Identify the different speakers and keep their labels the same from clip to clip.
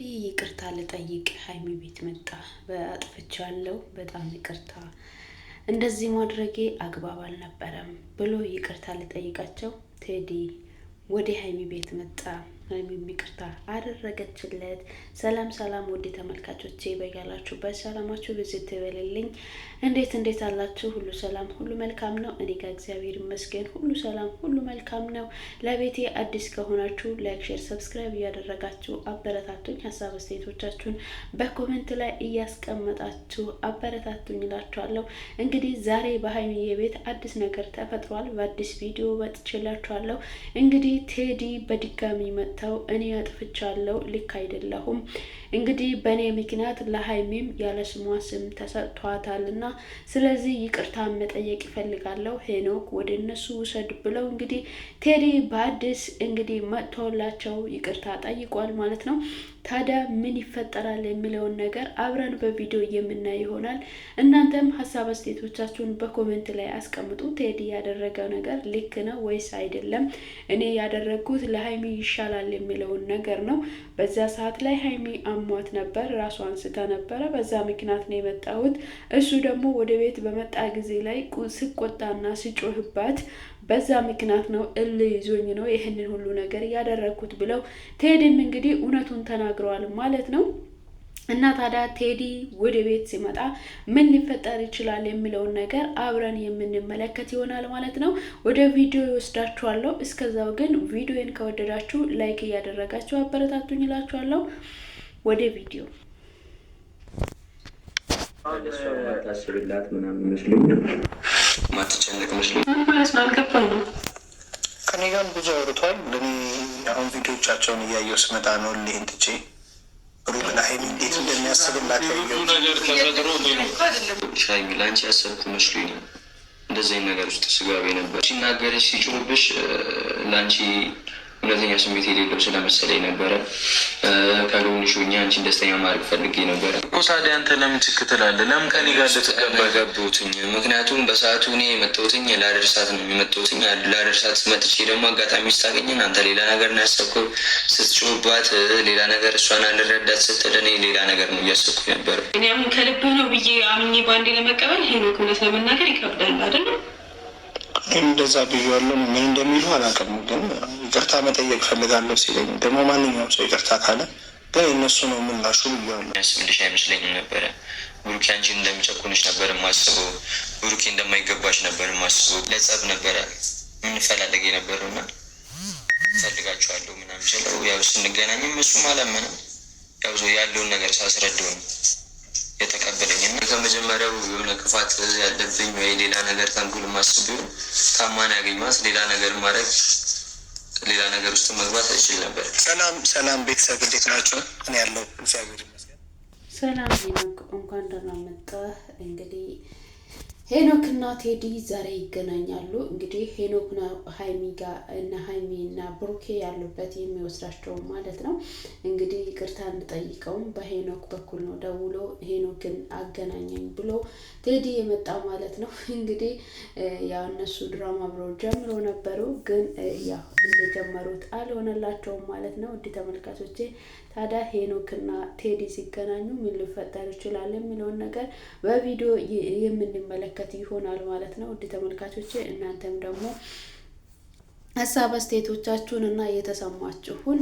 Speaker 1: እንግዲህ ይቅርታ ልጠይቅ ሀይሚ ቤት መጣ በአጥፍቻለሁ፣ በጣም ይቅርታ እንደዚህ ማድረጌ አግባብ አልነበረም ብሎ ይቅርታ ልጠይቃቸው ቴዲ ወደ ሀይሚ ቤት መጣ። ወይም ይቅርታ አደረገችለት። ሰላም ሰላም፣ ውድ ተመልካቾቼ በያላችሁበት ሰላማችሁ ብዙ ትበልልኝ። እንዴት እንዴት አላችሁ? ሁሉ ሰላም፣ ሁሉ መልካም ነው። እኔ ጋር እግዚአብሔር ይመስገን ሁሉ ሰላም፣ ሁሉ መልካም ነው። ለቤቴ አዲስ ከሆናችሁ ላይክ፣ ሼር፣ ሰብስክራይብ እያደረጋችሁ አበረታቱኝ። ሀሳብ አስተያየቶቻችሁን በኮመንት ላይ እያስቀመጣችሁ አበረታቱኝ እላችኋለሁ። እንግዲህ ዛሬ በሀይሚ የቤት አዲስ ነገር ተፈጥሯል። በአዲስ ቪዲዮ ወጥቼላችኋለሁ። እንግዲህ ቴዲ በድጋሚ መጥ መጥተው እኔ አጥፍቻለሁ፣ ልክ አይደለሁም፣ እንግዲህ በእኔ ምክንያት ለሀይሚም ያለ ስሟ ስም ተሰጥቷታል እና ስለዚህ ይቅርታ መጠየቅ ይፈልጋለሁ፣ ሄኖክ ወደ እነሱ ውሰድ ብለው እንግዲህ ቴዲ በአዲስ እንግዲህ መጥቶላቸው ይቅርታ ጠይቋል ማለት ነው። ታዲያ ምን ይፈጠራል የሚለውን ነገር አብረን በቪዲዮ የምናይ ይሆናል። እናንተም ሀሳብ አስተያየቶቻችሁን በኮሜንት ላይ አስቀምጡ። ቴዲ ያደረገው ነገር ልክ ነው ወይስ አይደለም? እኔ ያደረግኩት ለሀይሚ ይሻላል የሚለውን ነገር ነው። በዛ ሰዓት ላይ ሀይሚ አሟት ነበር፣ ራሷ አንስታ ነበረ። በዛ ምክንያት ነው የመጣሁት። እሱ ደግሞ ወደ ቤት በመጣ ጊዜ ላይ ስቆጣና ስጮህባት በዛ ምክንያት ነው እል ይዞኝ ነው ይህንን ሁሉ ነገር ያደረግኩት ብለው ቴዲም እንግዲህ እውነቱን ተናግረዋል ማለት ነው። እና ታዲያ ቴዲ ወደ ቤት ሲመጣ ምን ሊፈጠር ይችላል የሚለውን ነገር አብረን የምንመለከት ይሆናል ማለት ነው። ወደ ቪዲዮ ይወስዳችኋለሁ። እስከዛው ግን ቪዲዮን ከወደዳችሁ ላይክ እያደረጋችሁ አበረታቱኝ ይላችኋለሁ። ወደ ቪዲዮ ታስብላት ምናምን
Speaker 2: ይመስለኛል ትልቅ ምን ማለት ነው ከኔ ብዙ አውርቷል። እኔ አሁን ቪዲዮቻቸውን እያየው ስመጣ ነው ልሄን ትቼ ሩብ እንዴት እንደሚያስብላቸው ለአንቺ ያሰብኩ መስሎኝ ነው እንደዚህ ነገር ውስጥ ስጋቤ ነበር ሲናገርሽ ሲጭሩብሽ ለአንቺ እውነተኛ ስሜት የሌለው ስለመሰለኝ ነበረ። ከጎንሽ ሆኜ አንቺን ደስተኛ ማድረግ ፈልጌ ነበረ እኮ። አንተ ለምን ችክ ትላለህ? ለምን ቀኔ ጋር ልትገባ ገቡትኝ? ምክንያቱም በሰዓቱ እኔ የመጣሁትኝ ላደርሳት ነው የመጣሁትኝ። ላደርሳት መጥቼ ደግሞ አጋጣሚ ስታገኘን አንተ ሌላ ነገር ነው ያሰብኩት። ስትጮባት ሌላ ነገር እሷን አልረዳት ስትል እኔ ሌላ ነገር ነው እያሰብኩ ነበር።
Speaker 1: እኔ አሁን ከልብህ ነው ብዬ አምኜ በአንዴ ለመቀበል ሄኖክ፣ እውነት ለመናገር ይከብዳል አይደለም
Speaker 3: ግን እንደዛ ብያለሁ። ምን እንደሚሉ አላውቅም። ግን ይቅርታ መጠየቅ ፈልጋለሁ ሲለኝ ደግሞ ማንኛውም ሰው ይቅርታ ካለ ግን እነሱ ነው ምላሹ ብያለሁ።
Speaker 2: ስምልሽ አይመስለኝም ነበረ ብሩኬ አንቺን እንደሚጨቁንሽ ነበር የማስበው። ብሩኬ እንደማይገባሽ ነበር የማስበው። ለጸብ ነበረ ምንፈላለግ የነበረው እና ፈልጋችኋለሁ ምናምን ስለው ያው ስንገናኝም እሱም አላመነም። ያው ያለውን ነገር ሳስረዳው ነው የተቀበለኝ እና ከመጀመሪያው የሆነ ክፋት ያለብኝ ወይ ሌላ ነገር ተንኩል ማስብ ታማን ያገኝማስ ሌላ ነገር ማድረግ ሌላ ነገር ውስጥ መግባት አይችል ነበር።
Speaker 3: ሰላም ሰላም፣ ቤተሰብ እንዴት ናቸው? እኔ ያለው እግዚአብሔር
Speaker 1: ይመስገን። ሰላም እንኳን ደህና መጣህ እንግዲህ ሄኖክ እና ቴዲ ዛሬ ይገናኛሉ። እንግዲህ ሄኖክ ሀይሚ ጋር እና ሀይሚ እና ብሩኬ ያሉበት የሚወስዳቸው ማለት ነው። እንግዲህ ይቅርታ እንጠይቀውም በሄኖክ በኩል ነው ደውሎ ሄኖክን አገናኘኝ ብሎ ቴዲ የመጣ ማለት ነው። እንግዲህ ያው እነሱ ድራማ አብረው ጀምሮ ነበሩ፣ ግን ያው እንደጀመሩት አልሆነላቸውም ማለት ነው። እዲ ተመልካቾቼ ታዲያ ሄኖክና ቴዲ ሲገናኙ ምን ሊፈጠር ይችላል የሚለውን ነገር በቪዲዮ የምንመለከት ይሆናል ማለት ነው። ውድ ተመልካቾች እናንተም ደግሞ ሀሳብ አስተያየቶቻችሁን እና የተሰማችሁን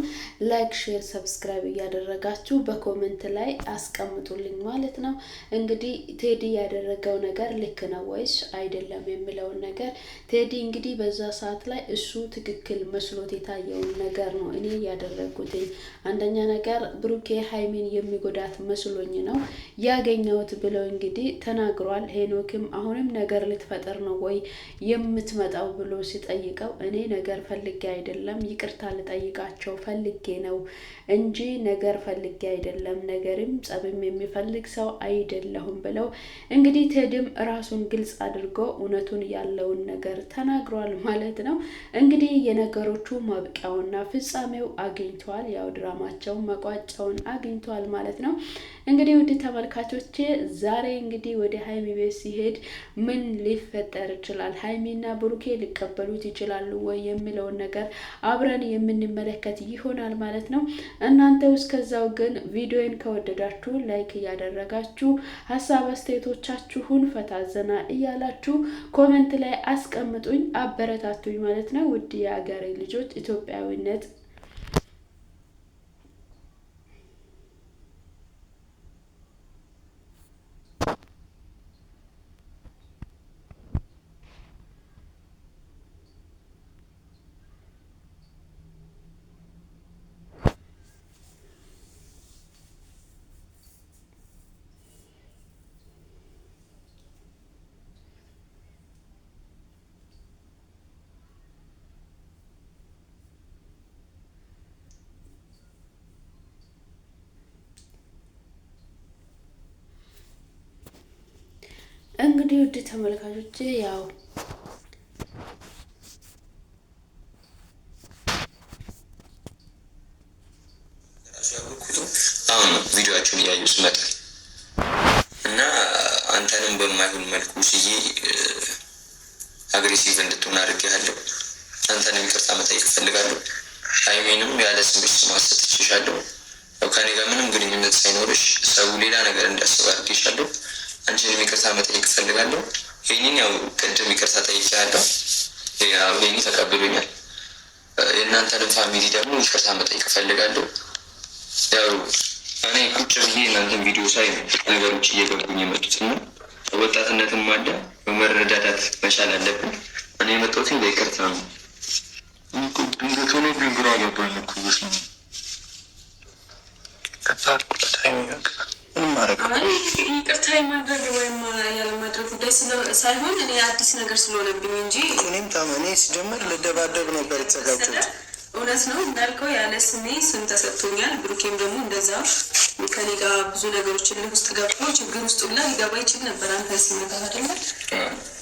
Speaker 1: ላይክ፣ ሼር፣ ሰብስክራይብ እያደረጋችሁ በኮመንት ላይ አስቀምጡልኝ ማለት ነው። እንግዲህ ቴዲ ያደረገው ነገር ልክ ነው ወይስ አይደለም የሚለውን ነገር ቴዲ እንግዲህ በዛ ሰዓት ላይ እሱ ትክክል መስሎት የታየውን ነገር ነው እኔ ያደረጉትኝ አንደኛ ነገር ብሩኬ ሀይሚን የሚጎዳት መስሎኝ ነው ያገኘሁት ብለው እንግዲህ ተናግሯል። ሄኖክም አሁንም ነገር ልትፈጥር ነው ወይ የምትመጣው ብሎ ሲጠይቀው እኔ ነገር ፈልጌ አይደለም፣ ይቅርታ ልጠይቃቸው ፈልጌ ነው እንጂ ነገር ፈልጌ አይደለም፣ ነገርም ጸብም የሚፈልግ ሰው አይደለሁም ብለው እንግዲህ ቴድም ራሱን ግልጽ አድርጎ እውነቱን ያለውን ነገር ተናግሯል ማለት ነው። እንግዲህ የነገሮቹ ማብቂያውና ፍጻሜው አግኝቷል። ያው ድራማቸው መቋጫውን አግኝቷል ማለት ነው። እንግዲህ ውድ ተመልካቾቼ ዛሬ እንግዲህ ወደ ሀይሚ ቤት ሲሄድ ምን ሊፈጠር ይችላል? ሀይሚና ብሩኬ ሊቀበሉት ይችላሉ ወይ የሚለውን ነገር አብረን የምንመለከት ይሆናል ማለት ነው። እናንተ እስከዛው ግን ቪዲዮን ከወደዳችሁ ላይክ እያደረጋችሁ ሀሳብ አስተያየቶቻችሁን ፈታዘና እያላችሁ ኮመንት ላይ አስቀምጡኝ፣ አበረታቱኝ ማለት ነው። ውድ የሀገሬ ልጆች ኢትዮጵያዊነት እንግዲህ ውድ ተመልካቾች ያው
Speaker 2: አሁን ነው ቪዲዮችን እያዩ ስመጣ እና አንተንም በማይሆን መልኩ ስዬ አግሬሲቭ እንድትሆን አድርጌሃለሁ። አንተንም ይቅርታ መጠየቅ እፈልጋለሁ። ሀይሜንም ያለ ስሜት ማሰጥ ከኔ ጋር ምንም ግንኙነት ሳይኖርሽ ሰው ሌላ ነገር እንዳስብ አድርጌሻለሁ። አንቺንም ይቅርታ መጠየቅ እፈልጋለሁ። ይህንን ያው ቅድም ይቅርታ ጠይቄ ያለው ይህን ተቀብሎኛል። የእናንተንም ፋሚሊ ደግሞ ይቅርታ መጠየቅ እፈልጋለሁ። ያው እኔ ቁጭ ብዬ እናንተን ቪዲዮ ሳይ ነገሮች እየገቡኝ የመጡት እና ወጣትነትም አለ በመረዳዳት መቻል አለብን። እኔ የመጣሁት በይቅርታ ነው። ድንገት ሆኖ ግን ግራ ገባኝ።
Speaker 1: የምናደርገው። ይቅርታ የማድረግ ወይም ያለማድረግ ጉዳይ ሳይሆን እኔ አዲስ ነገር ስለሆነብኝ እንጂ
Speaker 2: እኔም ታም እኔ ሲጀምር ልደባደብ ነበር የተዘጋጀሁት።
Speaker 1: እውነት ነው እንዳልከው ያለ ስሜ ስም ተሰጥቶኛል። ብሩኬም ደግሞ እንደዛ ከኔ ጋ ብዙ ነገሮች ልህ ውስጥ ገብቶ ችግር ውስጥ ላ ሊገባ ይችል ነበር። አንተ ሲመጣ አይደለ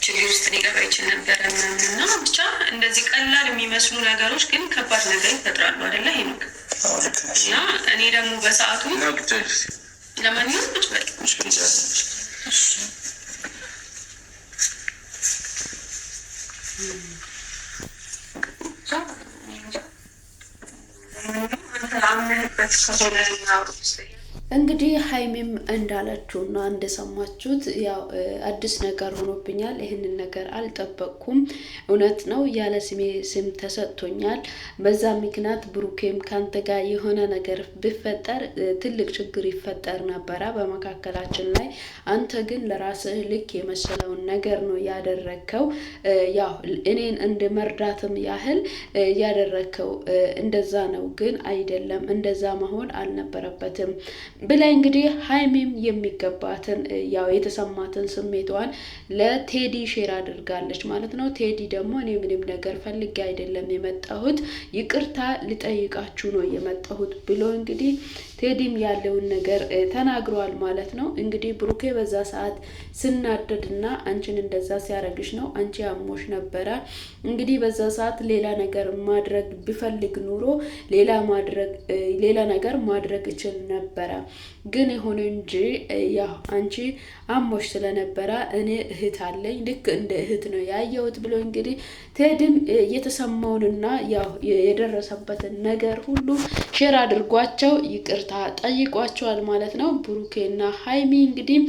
Speaker 1: ችግር ውስጥ ሊገባ ይችል ነበር እና ብቻ እንደዚህ ቀላል የሚመስሉ ነገሮች ግን ከባድ ነገር ይፈጥራሉ። አደለ ይሄ ነው እና እኔ ደግሞ በሰዓቱ ለማንኛውም ብትበል እንግዲህ ሀይሚም እንዳለችው እና እንደሰማችሁት ያው አዲስ ነገር ሆኖብኛል። ይህንን ነገር አልጠበቅኩም። እውነት ነው፣ ያለ ስሜ ስም ተሰጥቶኛል። በዛ ምክንያት ብሩኬም ከአንተ ጋር የሆነ ነገር ቢፈጠር ትልቅ ችግር ይፈጠር ነበረ በመካከላችን ላይ። አንተ ግን ለራስህ ልክ የመሰለውን ነገር ነው ያደረግከው። ያው እኔን እንደ መርዳትም ያህል ያደረግከው እንደዛ ነው፣ ግን አይደለም። እንደዛ መሆን አልነበረበትም። ብላይ እንግዲህ ሀይሜም የሚገባትን ያው የተሰማትን ስሜቷን ለቴዲ ሼር አድርጋለች ማለት ነው። ቴዲ ደግሞ እኔ ምንም ነገር ፈልጌ አይደለም የመጣሁት ይቅርታ ልጠይቃችሁ ነው የመጣሁት ብሎ እንግዲህ ቴዲም ያለውን ነገር ተናግረዋል ማለት ነው። እንግዲህ ብሩኬ በዛ ሰዓት ስናደድ እና አንቺን እንደዛ ሲያረግሽ ነው አንቺ አሞሽ ነበረ። እንግዲህ በዛ ሰዓት ሌላ ነገር ማድረግ ቢፈልግ ኑሮ ሌላ ማድረግ ሌላ ነገር ማድረግ እችል ነበረ። ግን ይሁን እንጂ ያው አንቺ አሞሽ ስለነበረ እኔ እህት አለኝ ልክ እንደ እህት ነው ያየሁት ብሎ እንግዲህ ቴድም የተሰማውንና ያው የደረሰበትን ነገር ሁሉ ሼር አድርጓቸው ይቅርታ ጠይቋቸዋል ማለት ነው። ብሩኬና ሀይሚ እንግዲህ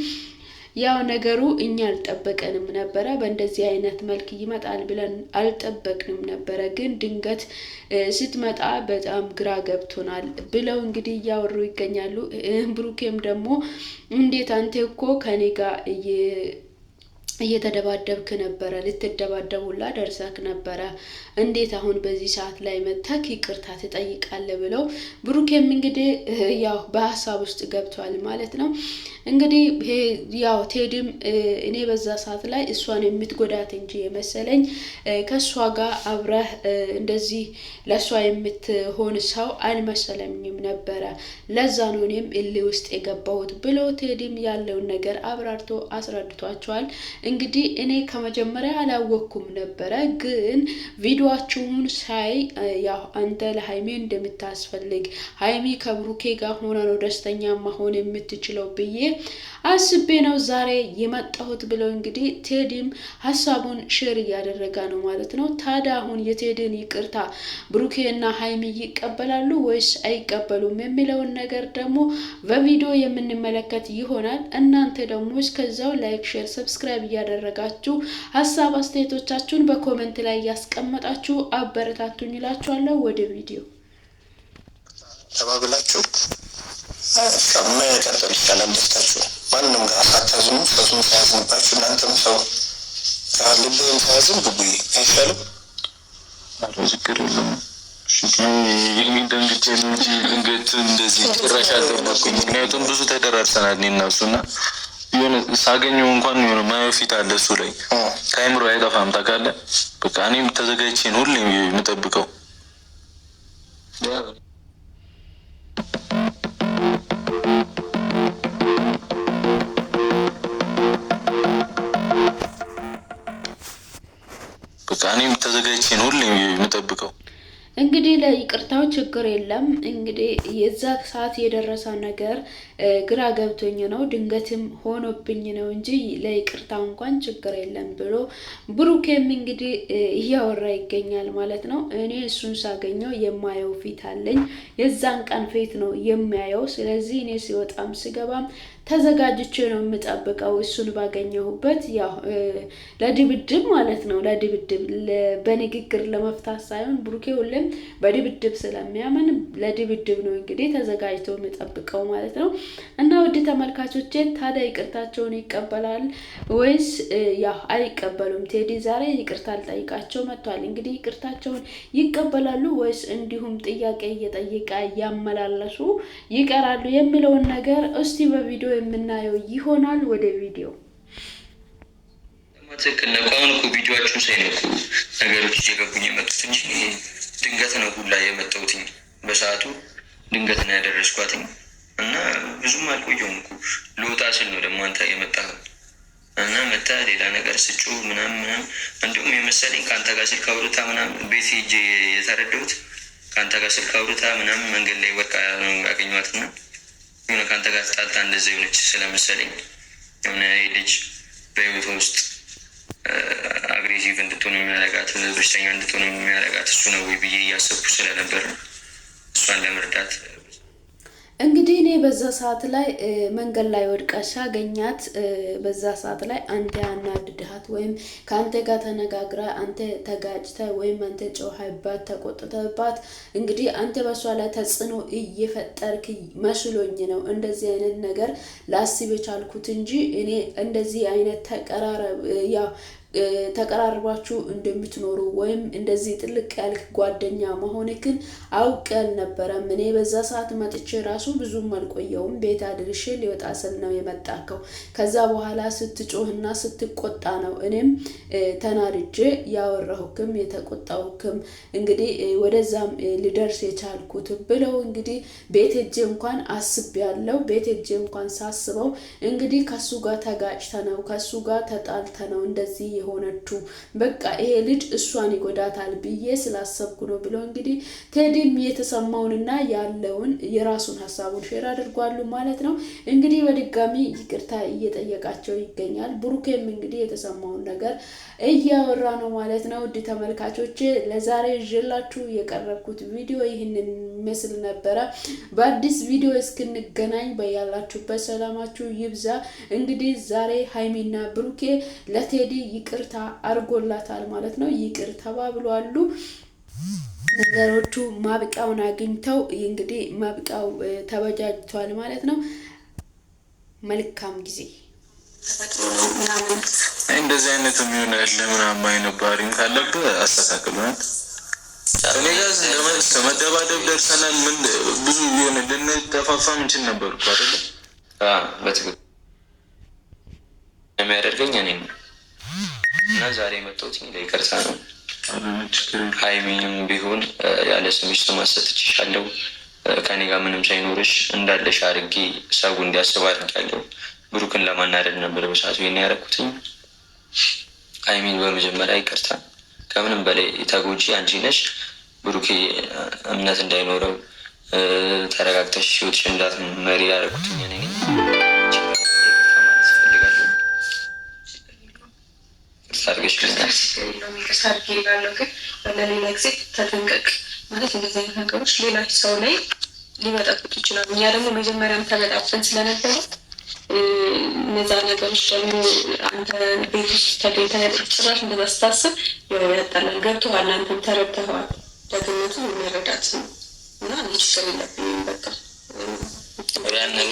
Speaker 1: ያው ነገሩ እኛ አልጠበቀንም ነበረ። በእንደዚህ አይነት መልክ ይመጣል ብለን አልጠበቅንም ነበረ። ግን ድንገት ስትመጣ በጣም ግራ ገብቶናል ብለው እንግዲህ እያወሩ ይገኛሉ። ብሩኬም ደግሞ እንዴት አንተ እኮ ከኔ ጋር እየተደባደብክ ነበረ፣ ልትደባደቡላ ደርሰክ ነበረ። እንዴት አሁን በዚህ ሰዓት ላይ መተክ ይቅርታ ትጠይቃለህ? ብለው ብሩኬም እንግዲህ ያው በሀሳብ ውስጥ ገብቷል ማለት ነው። እንግዲህ ያው ቴዲም እኔ በዛ ሰዓት ላይ እሷን የምትጎዳት እንጂ የመሰለኝ ከእሷ ጋር አብረህ እንደዚህ ለእሷ የምትሆን ሰው አልመሰለኝም ነበረ። ለዛ ነው እኔም እልህ ውስጥ የገባሁት ብሎ ቴዲም ያለውን ነገር አብራርቶ አስረድቷቸዋል። እንግዲህ እኔ ከመጀመሪያ አላወቅኩም ነበረ፣ ግን ቪዲዮችሁን ሳይ ያው አንተ ለሀይሜ እንደምታስፈልግ ሀይሜ ከብሩኬ ጋር ሆነ ነው ደስተኛ መሆን የምትችለው ብዬ አስቤ ነው ዛሬ የመጣሁት ብለው እንግዲህ ቴዲም ሀሳቡን ሼር እያደረገ ነው ማለት ነው። ታዲያ አሁን የቴዲን ይቅርታ ብሩኬ እና ሀይሚ ይቀበላሉ ወይስ አይቀበሉም የሚለውን ነገር ደግሞ በቪዲዮ የምንመለከት ይሆናል። እናንተ ደግሞ እስከዛው ላይክ፣ ሼር፣ ሰብስክራይብ እያደረጋችሁ ሀሳብ አስተያየቶቻችሁን በኮመንት ላይ እያስቀመጣችሁ አበረታቱኝ ይላችኋለሁ። ወደ ቪዲዮ
Speaker 2: ተባብላችሁ መቀጠል ይቻላል። ደስታችሁ ማንም ጋር አታዝኑ። ሰሱም ሳያዝንባችሁ እናንተም ሰው ልብህም ሳያዝን ግቡ አይሻልም? ችግር የለም። ደንግጬ እንጂ ድንገት እንደዚህ ጭራሽ አልጠበኩም። ምክንያቱም ብዙ ተደራርሰናል እኔ እና እሱ እና የሆነ ሳገኘው እንኳን የሆነ ማየው ፊት አለ እሱ ላይ ከአይምሮ አይጠፋም። ታውቃለህ በቃ እኔም ተዘጋጅቼን ሁሌ የምጠብቀው በቃ እኔም ተዘጋጅቼን ሁሌ የምጠብቀው
Speaker 1: እንግዲህ ለይቅርታው ችግር የለም። እንግዲህ የዛ ሰዓት የደረሰው ነገር ግራ ገብቶኝ ነው ድንገትም ሆኖብኝ ነው እንጂ ለይቅርታው እንኳን ችግር የለም ብሎ ብሩኬም እንግዲህ እያወራ ይገኛል ማለት ነው። እኔ እሱን ሳገኘው የማየው ፊት አለኝ። የዛን ቀን ፊት ነው የሚያየው። ስለዚህ እኔ ሲወጣም ስገባም ተዘጋጅቼ ነው የምጠብቀው እሱን ባገኘሁበት ያው ለድብድብ ማለት ነው ለድብድብ በንግግር ለመፍታት ሳይሆን ብሩኬ ሁሌም በድብድብ ስለሚያምን ለድብድብ ነው እንግዲህ ተዘጋጅቶ የምጠብቀው ማለት ነው እና ውድ ተመልካቾቼ ታዲያ ይቅርታቸውን ይቀበላል ወይስ ያው አይቀበሉም? ቴዲ ዛሬ ይቅርታ ልጠይቃቸው መጥቷል። እንግዲህ ይቅርታቸውን ይቀበላሉ ወይስ እንዲሁም ጥያቄ እየጠየቀ እያመላለሱ ይቀራሉ የሚለውን ነገር እስቲ በቪዲዮ የምናየው ይሆናል። ወደ ቪዲዮ
Speaker 2: ትክክል ነው። አሁን እኮ ቪዲዮዎቹን ሳይ ነገሮች እየገቡኝ የመጡት እንጂ ድንገት ነው ሁላ የመጣሁትኝ። በሰዓቱ ድንገት ነው ያደረስኳትኝ እና ብዙም አልቆየሁም እኮ ልወጣ ስል ነው ደግሞ አንተ የመጣ እና መታ ሌላ ነገር ስጩ ምናም ምናም እንዲሁም የመሰለኝ ከአንተ ጋር ስልክ አውርታ ምናም ቤት ሄጄ የተረዳሁት ከአንተ ጋር ስልክ አውርታ ምናም መንገድ ላይ ወድቃ ነው ያገኘኋት እና የሆነ ከአንተ ጋር ተጣልታ እንደዚ የሆነች ስለመሰለኝ የሆነ ልጅ በህይወት ውስጥ አግሬሲቭ እንድትሆን የሚያረጋት በሽተኛ እንድትሆን የሚያረጋት እሱ ነው ወይ ብዬ እያሰብኩ ስለነበር እሷን ለመርዳት
Speaker 1: እንግዲህ እኔ በዛ ሰዓት ላይ መንገድ ላይ ወድቃ ሻገኛት። በዛ ሰዓት ላይ አንተ አናድድሃት ወይም ከአንተ ጋር ተነጋግራ አንተ ተጋጭተ ወይም አንተ ጮኸባት ተቆጥተባት፣ እንግዲህ አንተ በሷ ላይ ተጽዕኖ እየፈጠርክ መስሎኝ ነው እንደዚህ አይነት ነገር ላስብ የቻልኩት እንጂ እኔ እንደዚህ አይነት ተቀራረብ ያው ተቀራርባችሁ እንደምትኖሩ ወይም እንደዚህ ጥልቅ ያልክ ጓደኛ መሆንክን አውቅ አልነበረም። እኔ በዛ ሰዓት መጥቼ ራሱ ብዙም አልቆየውም። ቤት አድርሼ ሊወጣ ስል ነው የመጣከው። ከዛ በኋላ ስትጮህና ስትቆጣ ነው እኔም ተናድጄ ያወራሁክም የተቆጣሁክም እንግዲህ ወደዛም ልደርስ የቻልኩት ብለው እንግዲህ ቤት ሄጄ እንኳን አስብ ያለው ቤት ሄጄ እንኳን ሳስበው እንግዲህ ከሱ ጋር ተጋጭተ ነው ከሱ ጋር ተጣልተ ነው እንደዚህ የሆነችው። በቃ ይሄ ልጅ እሷን ይጎዳታል ብዬ ስላሰብኩ ነው ብሎ እንግዲህ ቴዲም የተሰማውንና ያለውን የራሱን ሀሳቡን ሼር አድርጓሉ ማለት ነው። እንግዲህ በድጋሚ ይቅርታ እየጠየቃቸው ይገኛል። ብሩኬም እንግዲህ የተሰማውን ነገር እያወራ ነው ማለት ነው። ውድ ተመልካቾች ለዛሬ ይዤላችሁ የቀረብኩት ቪዲዮ ይህንን ይመስል ነበረ። በአዲስ ቪዲዮ እስክንገናኝ በያላችሁበት ሰላማችሁ ይብዛ። እንግዲህ ዛሬ ሀይሚና ብሩኬ ለቴዲ ይቅር ይቅርታ አርጎላታል ማለት ነው። ይቅር ተባብሏሉ። ነገሮቹ ማብቂያውን አግኝተው እንግዲህ ማብቂያው ተበጃጅቷል ማለት ነው። መልካም ጊዜ።
Speaker 2: እንደዚህ አይነት የሚሆን ያለ ምናምን አይነት ባህሪም ካለብህ አስተካክልናል። እኔ ጋር ከመደባደብ ደርሰናል። ምን ብዙ የሆነ ልንጠፋፋ ምንችል ነበር እኮ አይደለም በትክክል የሚያደርገኝ እኔ ነው እና ዛሬ የመጣሁት ለይቅርታ ነው። ሀይሚንም ቢሆን ያለ ስምሽ ስም አሰጥቼሻለሁ። ከኔ ጋር ምንም ሳይኖርሽ እንዳለሽ አድርጌ ሰው እንዲያስብ አድርጌያለሁ። ብሩክን ለማናደድ ነበር በሰዓቱ ይሄን ያደረኩትኝ። ሀይሚን በመጀመሪያ ይቅርታ። ከምንም በላይ ተጎጂ አንቺ ነሽ። ብሩኬ እምነት እንዳይኖረው ተረጋግተሽ ህይወትሽ እንዳትመሪ ያደረኩትኝ እኔ
Speaker 1: ምናምን አድርጌ አድርጌልሃለሁ፣ ግን በለሌላ ጊዜ ተጠንቀቅ ማለት እንደዚህ አይነት ነገሮች ሌላ ሰው ላይ ሊመጣበት ይችላሉ። እኛ ደግሞ መጀመሪያም ተመጣፍን ስለነበረ እነዛ ነገሮች ደግሞ አንተ ቤት ውስጥ ተገኝተ ጭራሽ እንደዛ ስታስብ የሆነ ያጣላል። ገብቶሃል፣ አንተም ተረድተኸዋል። ደግነቱ መረዳት ነው እና ችግር የለብኝም በቃ ያንን